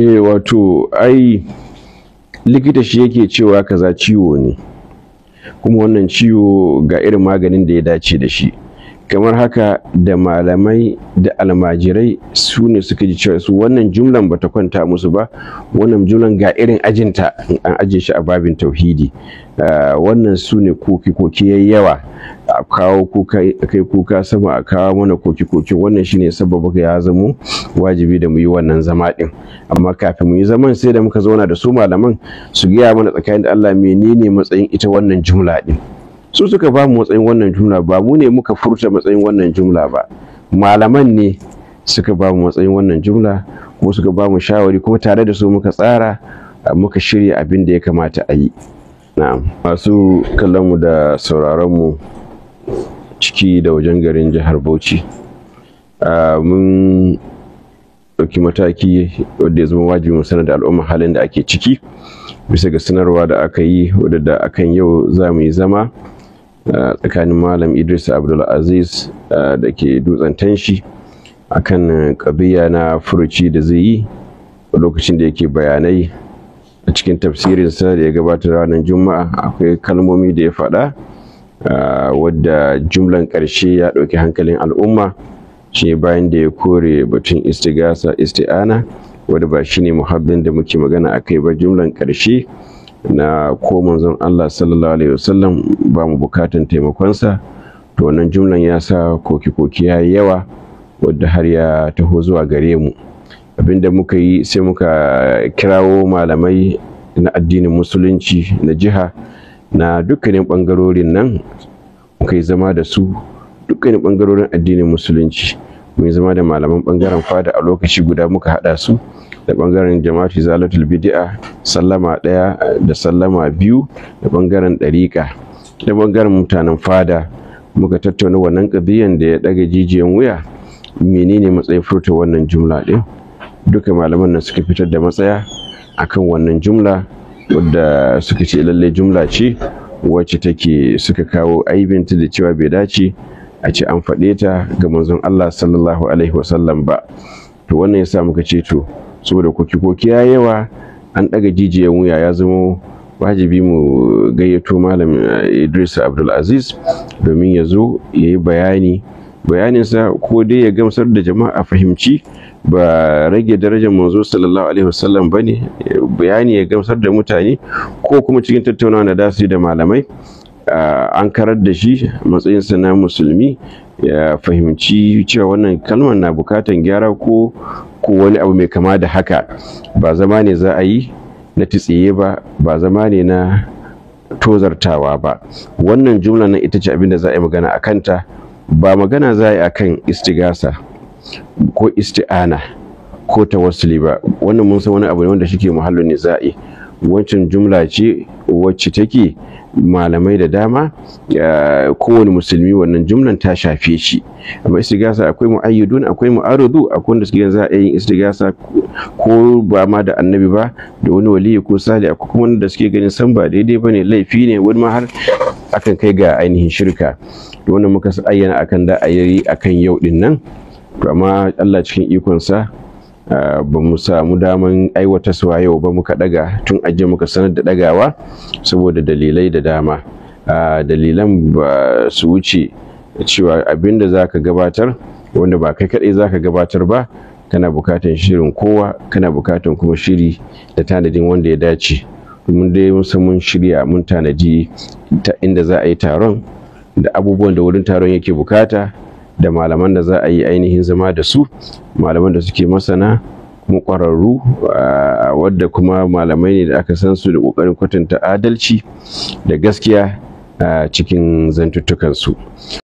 eh wato ai likita shi yake cewa kaza ciwo ne kuma wannan ciwo ga irin maganin da ya dace da shi kamar haka da malamai da almajirai su ne suka ji cewa su wannan jumlan bata kwanta musu ba wannan jumlan ga irin ajinta an aje shi a babin tauhidi ah, wannan su ne koke-koke yawa a kawo kuka kai kuka sama a kawo mana koki koki wannan shine sababa ya zamo wajibi da mu yi wannan zama din amma kafin mu yi zaman sai da muka zauna da su malaman su gaya mana tsakanin da Allah menene matsayin ita wannan jumla din su suka ba mu matsayin wannan jumla ba mu ne muka furta matsayin wannan jumla ba malaman ne suka ba mu matsayin wannan jumla kuma suka ba mu shawari kuma tare da su muka tsara muka shirya abin da ya kamata a yi na'am masu mu da mu. ciki da wajen garin jihar bauchi mun ɗauki mataki wadda ya zama wajibi mu sanar da al'umma halin da ake ciki bisa ga sanarwa da aka yi wadda akan yau za mu yi zama tsakanin malam idris abdulaziz da ke dutsen tanshi akan kabiya na furuci da zai yi lokacin da yake bayanai a cikin tafsirinsa da ya gabatar ranar juma'a akwai kalmomi da ya faɗa Ah, wadda jumlan ƙarshe ya ɗauki hankalin al'umma shi bayan da ya kore batun istigasa isti'ana wadda ba shi ne muhabbin da muke magana a kai ba jumlan ƙarshe na ko manzon Allah sallallahu alaihi wasallam ba mu bukatan taimakonsa to wannan jumlan ya sa koke-koke ya yi yawa wadda har ya taho zuwa gare mu abinda muka yi sai muka kirawo malamai na addinin musulunci na jiha na dukkanin ɓangarorin nan muka yi zama da su dukkanin ɓangarorin addinin musulunci mun zama da malaman ɓangaren fada a lokaci guda muka haɗa su da ɓangaren jama'atu zalatul bidi'a sallama ɗaya da sallama biyu da ɓangaren ɗariƙa da ɓangaren mutanen fada muka tattauna wannan ƙabiyan da ya ɗaga jijiyan wuya menene matsayin furta wannan jumla ɗin duka malaman nan suka fitar da matsaya akan wannan jumla wadda suka ce lalle jumla ce wacce take suka kawo aibinta da cewa bai dace a ce an faɗe ta ga manzon Allah sallallahu alaihi wasallam ba to wannan yasa muka ce to saboda koki koki ya yawa an ɗaga jijiya wuya ya zama wajibi mu gayyato malam Idris Abdulaziz domin ya zo ya yi bayani bayaninsa ko dai ya gamsar da jama'a fahimci ba rage darajar manzo sallallahu alaihi wasallam ba ne bayani ya gamsar da mutane ko kuma cikin tattaunawa na dasi da malamai an karar da shi matsayinsa na musulmi ya fahimci cewa wannan kalmar na bukatan gyara ko ko wani abu mai kama da haka ba zama ne za a yi na titsiye ba ba zama ne na tozartawa ba wannan jumla na ita ce abin da za a yi magana a kanta ba magana za a yi akan istigasa ko isti'ana ko tawassuli ba wannan mun san wani abu ne wanda shike muhallin niza'i wancan jumla ce wacce take malamai da dama kowane musulmi wannan jumlan ta shafe shi amma istigasa akwai mu'ayyidun akwai mu'arudu akwai wanda suke za a yin istigasa ko ba ma da annabi ba da wani waliyu ko sali akwai kuma wanda suke ganin san ba daidai ba ne laifi ne wani ma har akan kai ga ainihin shirka to wannan muka ayyana akan da ayi akan yau din nan to amma Allah cikin ikonsa ba mu samu daman suwa yau ba muka daga tun ajiye muka sanar da dagawa saboda dalilai da dama dalilan ba su wuce cewa abinda za ka gabatar wanda ba kai kaɗai za ka gabatar ba kana bukatan shirin kowa kana bukatan kuma shiri da tanadin wanda ya dace mun dai mun san mun shirya mun tanadi ta inda za a yi taron da abubuwan da wurin taron yake bukata da malaman da za a yi ainihin zama da su malaman da suke masana kuma ƙwararru ah, wadda kuma malamai ne da aka san su da ƙoƙarin kwatanta adalci da gaskiya ah, cikin zantuttukansu